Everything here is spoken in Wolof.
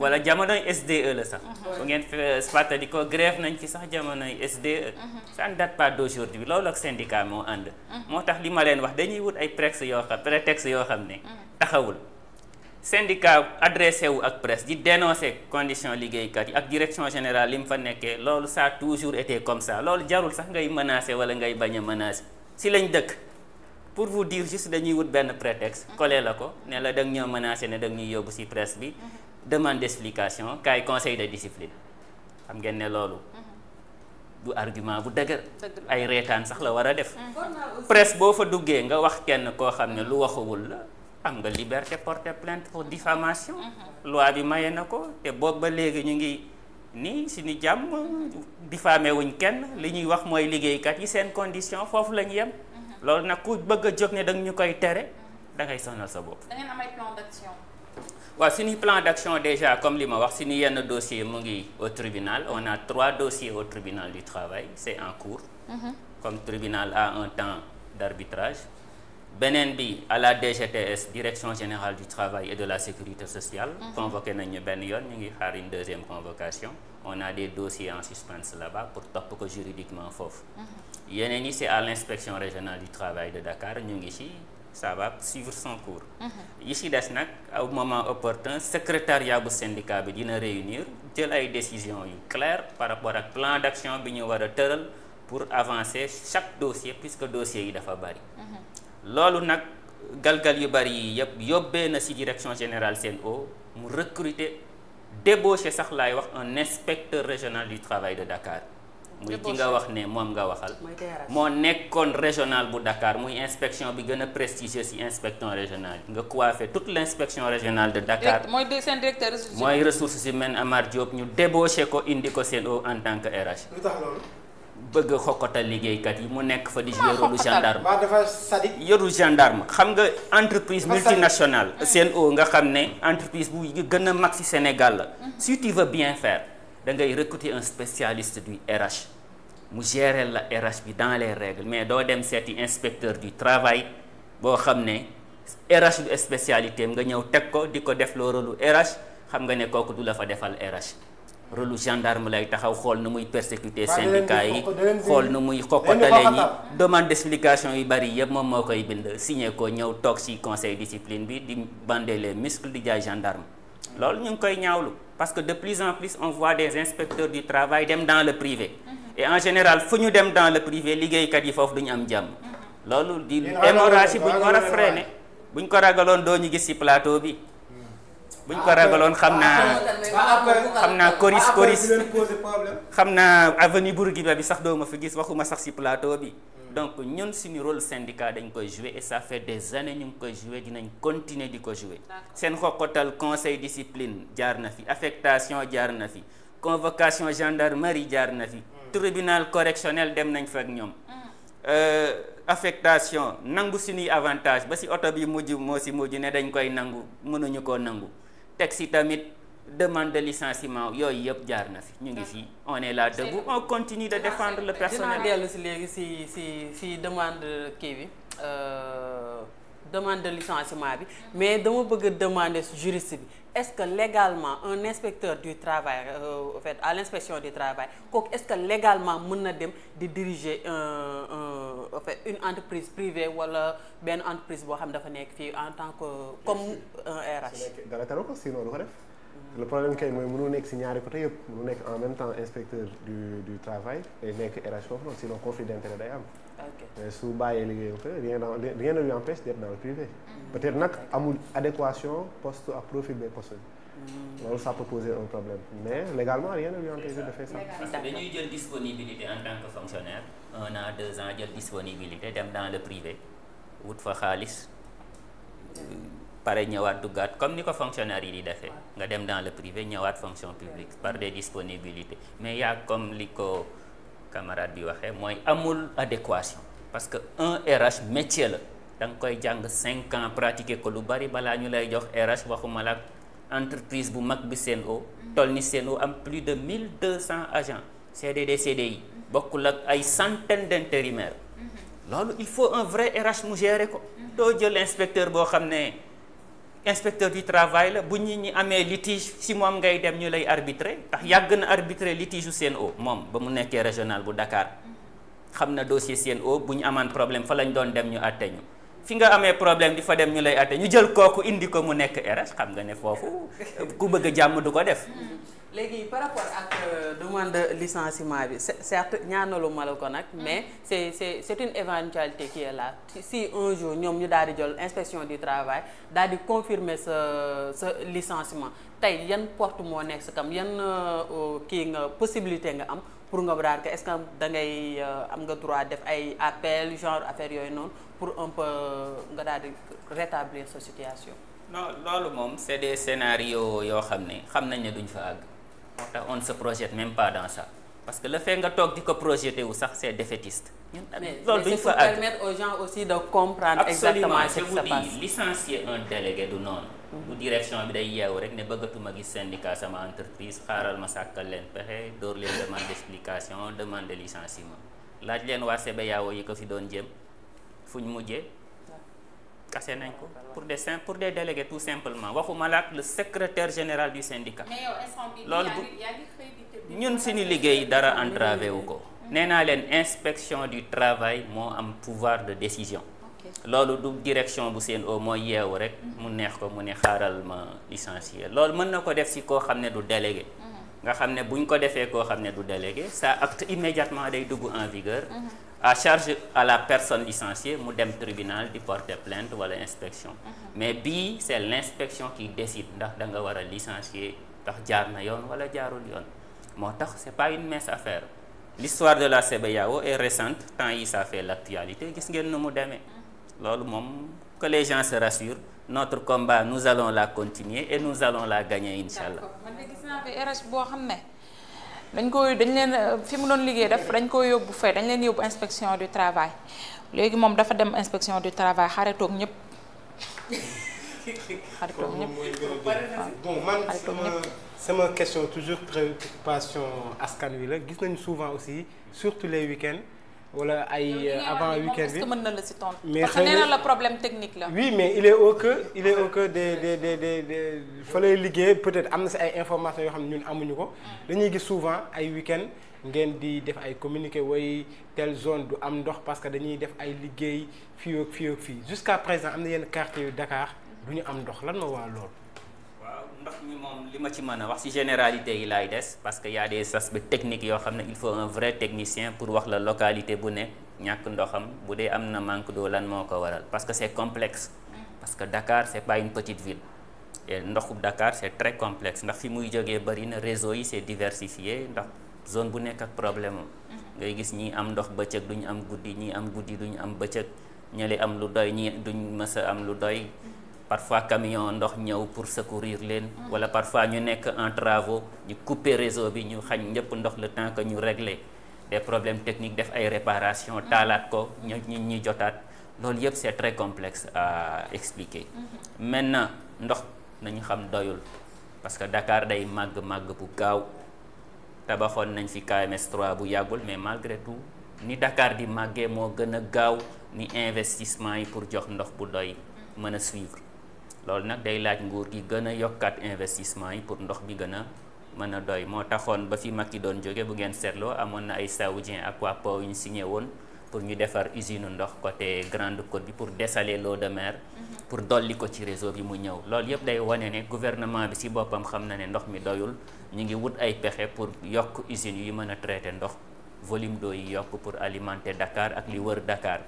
wala jamonoy SDE la sax bu ngeen fàttali euh, ko grève nañ ci sax jamonoy SDE ça ne date pas d'aujourd'hui loolu ak syndicat moo ànd moo tax li ma leen wax dañuy wut ay prétexte yoo xam prétexte yoo xam ne taxawul syndicat adressé wu ak presse di dénoncer condition liggéeykat yi ak direction général li mu fa nekkee loolu ça a toujours été comme ça loolu jarul sax ngay menacer wala ngay bañ a menacer si lañ dëkk pour vous dire juste dañuy wut benn prétexte collé la ko ne la da ñoo menacer ne da nga ñuy yóbbu si presse bi demande d'explication kaay conseil de discipline xam ngeen ne loolu. Mhm. du argument bu dëgër. ay reetaan sax la war a def. Mhm. presse boo fa duggee nga wax kenn koo xam ne lu waxuwul la am nga liberté porter plainte pour diffamation. Mhm. loi bi maye na ko te boobu ba léegi ñu ngi nii suñu jàmm diffamé wuñ kenn li ñuy wax mooy liggéeykat yi seen condition foofu la ñu yem. loolu nag ku bëgg a jóg ne danga ñu koy tere dangay sonal sa bopp. waaw suñuy plan d'action déjà comme li ma wax suñu yenn dossier mu ngi au tribunal on a trois dossiers au tribunal du travail c'est en cours mmh. comme tribunal a un temps d'arbitrage beneen bi à la DGTS direction générale du travail e de la sécurité social mmh. convoqué nañ ñu benn yoon ñu ngi xaar une deuxième convocation on a des dossiers en suspense là-bas pour topp ko juridiquement foofu mm-hmm. yeneen yi c'est à l'inspection régional du travail de Dakar ñu ngi ci ça va suivre son cours. Mhm. yi si des nag au moment opportun secrétariat bu syndicat bi dina réunir jël ay décisions yu claires par rapport ak plan d'action bi ñu war a tëral pour avancer chaque dossier puisque dossier yi dafa bari. Mhm. loolu nag galgal yu bari yi yëpp yóbbee na si direction général seen o mu recruter débaucher sax laay wax un inspecteur régional du travail de Dakar. muy ki nga wax ne moom nga waxal moo nekkoon régional bu Dakar muy inspection bi gën a prestigieux ci inspection régionale nga coiffé toute l' inspection régionale de Dakar mooy seen directeur mooy ressources humaines Amar Diop ñu débauché ko indi ko seen en tant que RH lu tax loolu bëgg xokkotal liggéeykat yi mu nekk fa di jouer rôle gendarme yoru gendarme xam nga entreprise multinationale mm. seen nga xam ne entreprise bu gën a mag ci Sénégal la mm. si tu veux bien fair da ngay recruter un spécialiste du RH mu gérer la RH bi dans les règles mais doo dem seeti inspecteur du travail boo xam ne RH du spécialité nga ñëw teg ko di ko def loo rôle RH xam nga ne kooku du la fa defal RH rôle gendarme lay taxaw xool nu muy persécuter syndicat yi xool nu muy xokkotale ñi demande d'explication yu bari yëpp moom moo koy bind signé ko ñëw toog ci conseil discipline bi di bander les di jaay gendarme loolu ñu ngi koy ñaawlu parce que de plus en plus on voit des inspecteurs du travail dem dans le privé. et en général fu ñu dem dans le privé liggéeykat yi foofu du ñu am jàmm. loolu di hémorragie bu ñu war a freiner bu ñu ko ragaloon doo ñu gis ci plateau bi. bu ñu ko ragaloon xam naa xam naa koris koris xam naa avenue Bourguiba bi sax doo ma fi gis waxuma sax ci plateau bi. donc ñun suñu rôle syndicat dañ koy jouer et ça fait des années ñu ngi koy jouer dinañ continuer di ko jouer seen xoqatal conseil discipline jaar na fi affectation jaar na fi convocation gendarmerie jaar na fi hmm. tribunal correctionnel dem nañ fa ak ñoom hmm. euh, affectation nangu suñuy avantage ba si oto bi mujj moo si mujj ne dañ koy nangu mënuñu koo nangu teg ci tamit demande de licenciement yooyu yëpp jaar na fi ñu ngi fii on est là debout on continue de défendre le personnel. dinaa dellu si léegi si si si demande kii bi euh, demande de licenciement bi mm. mais dama bëgg a demander juriste bi est-ce que légalement un inspecteur du travail euh, en fait à l'inspection du travail kooku est-ce que légalement mën na dem di diriger un un en fait une entreprise privée wala benn entreprise boo xam dafa nekk fii en tant que comme un RH. dara taru ko sinon du ko def. le problème kay mooy mënu nekk si ñaari côté yëpp mënu nekk en même temps inspecteur du du travail et nekk RH foofu noonu sinon conflit d'intérêt day am. mais su bàyyee liggéeyam que rien rien ne lui empêche d'être dans le privé. Mm-hmm. peut-être nag amul adéquation poste à profil des postes yi. Mm-hmm. loolu ça peut poser un problème mais légalement rien ne lui empêche de faire ça. parce que dañuy jël disponibilité en tant que fonctionnaire un an deux ans jël disponibilité dem dans le privé wut fa xaalis. Euh, pare ñëwaat duggaat comme ni ko fonctionnaire yi defee nga dem dans le privé ñëwaat fonction publique par des disponibilités mais yaa comme li ko camarade bi waxee mooy amul adéquation parce que un RH métier la da koy jàng cinq ans pratiquer ko lu bari balaa ñu lay jox RH waxuma la entreprise bu mag bi Sen'Eau toll ni Sen'Eau am plus de 1200 agents CDD CDI bokkul ak ay centaines d'intérimaires mm-hmm. loolu il faut un vrai RH mu gérer ko mm-hmm. doo inspecteur du travail la bu ñi ñi amee litige si moom ngay dem ñu lay arbitrer ndax yàgg na arbitrer litige seen o moom ba mu nekkee régional bu Dakar xam na dossier o bu ñu amaan problème fa lañ doon dem ñu àtte ñu fi nga amee problème di fa dem ñu lay àtte ñu jël kooku indi ko mu nekk RS xam nga ne foofu ku bëgg jàmm du ko def léegi par rapport ak euh, demande de bi certes ñaanalu ma la ko nag mm. mais c'est c'est c'est une éventualité qui est là si un jour ñoom ñu daal di jël inspection du travail daal di confirmer sa sa licenciement tey yan porte moo nekk sa kam yan euh, euh, kii nga possibilité nga am pour nga braar ko est-ce que da ngay am nga droit def ay appel genre affaire yooyu noonu pour un nga daal di rétablir sa situation non loolu moom c'est des scénarios yoo xam ne xam nañ ne duñ fa àgg moo tax on ne se projette même pas dans ça parce que le fait nga toog di ko projeté wu sax c'est défaitiste. loolu duñ fa àgg aussi de comprendre. exactement ce qui se passe licencier un délégué du noonu. Mhm. bu direction bi day yeewu rek ne bëggatuma gis syndicat sama entreprise xaaral ma sàkkal leen pexe door leen demande d'explication demande de licenciement laaj leen waa CBAO yi ko fi doon jëm fu ñu mujjee. kase nañ ko pour des sim pour de délégués tout simplement waxuma la ak le secrétaire général du syndicat. loolu bu ñun suñu liggéey dara entravé wu ko. nee naa leen inspection du travail moo am pouvoir de décision. loolu du direction bu seen au mooy yeewu rek. Mm-hmm. mu neex ko mu ne xaaral ma licencier loolu mën na ko def si koo xam ne du délégué. Mm-hmm. nga xam ne ñu ko defee koo xam ne du délégué ça acte immédiatement day dugg en vigueur mhm. à charge à la personne licenciée mu dem tribinal di porter plainte wala inspection mhm. mais bii c'est l'inspection qui décide ndax da nga war a licencier ndax jaar na yoon wala jaarul yoon moo tax c'est pas une mince affaire l'histoire de la CBAO est récente temps yi ça fait l'actualité gis ngeen nu mu demee mhm. loolu moom que les gens se rassurent notre combat nous allons la continuer et nous allons la gagner incha allah gis naa fi RH boo xam ne dañ koy dañ leen fi mu doon liggéey def dañ koy yóbbu fay dañ leen yóbbu inspection du travail léegi moom dafa dem inspection du travail xaritoog ñëpp xaritoog ñëpp bon man sama sama question toujours préoccupation askan wi la gis nañu souvent aussi surtout les week wala ay euh, avant week-end bi mën na la si tontu. mais parce que nee la problème technique la. oui mais il est au cœur il est au cœur des des des des fa lay liggéey peut-être am na si ay information yoo xam ne ñun amuñu ko. Mm. dañuy gis souvent ay week ngeen di def ay communiqué woy telle zone du am ndox parce que dañuy def ay liggéey fii ak fii ak fii jusqu'à présent am na yenn quartier yu Dakar du ñu am ndox lan moo waa loolu. ma ci mën a wax ci généralité yi laay des parce que y a des aspects yoo xam ne il faut un vrai technicien pour wax la localité bu ne ñàkk ndoxam bu dee am na manque d'eau lan moo ko waral parce que c'est complexe parce que Dakar c'est pas une petite ville et ndoxu Dakar c'est très complexe ndax fi muy jógee bari na réseau yi c'est diversifié ndax zone bu nekk ak problème am ngay gis ñi am ndox du ñu am guddi ñi am guddi ñu am bëccëg ñële am lu doy ñi duñ mës a am lu doy parfois camion ndox ñëw pour secourir leen wala parfois ñu nekk en travaux ñu couper réseau bi ñu xañ ñëpp ndox la temps que ñu régler des problème technique def ay réparation mm-hmm. taalaat ko ñu ñu ñuy jotaat loolu yëpp c'est très complexe à expliquer mm-hmm. maintenant ndox nañu xam doyul parce que Dakar day màgg-màgg bu gaaw tabaxoon nañ fi KMS 3 bu yàggul mais malgré tout ni Dakar di màggee moo gën a gaaw ni investissement yi pour jox ndox bu doy mm-hmm. mën a suivre loolu nag day laaj nguur gi gën a yokkaat investissement yi pour ndox bi gën a mën a doy moo taxoon ba fi Macky doon jóge bu ngeen seetloo amoon na ay saoudien ak waa PAO yu ñu signé woon pour ñu defar usine ndox côté Grande Côte bi pour dessaler l'eau de mer mhm. pour dolli ko ci réseau bi mu ñëw loolu yëpp day wane ne gouvernement bi ci boppam xam na ne ndox mi doyul ñu ngi wut ay pexe pour yokk usines yu mën a traiter ndox volume d'eau yi yokk pour alimenter Dakar ak li wër Dakar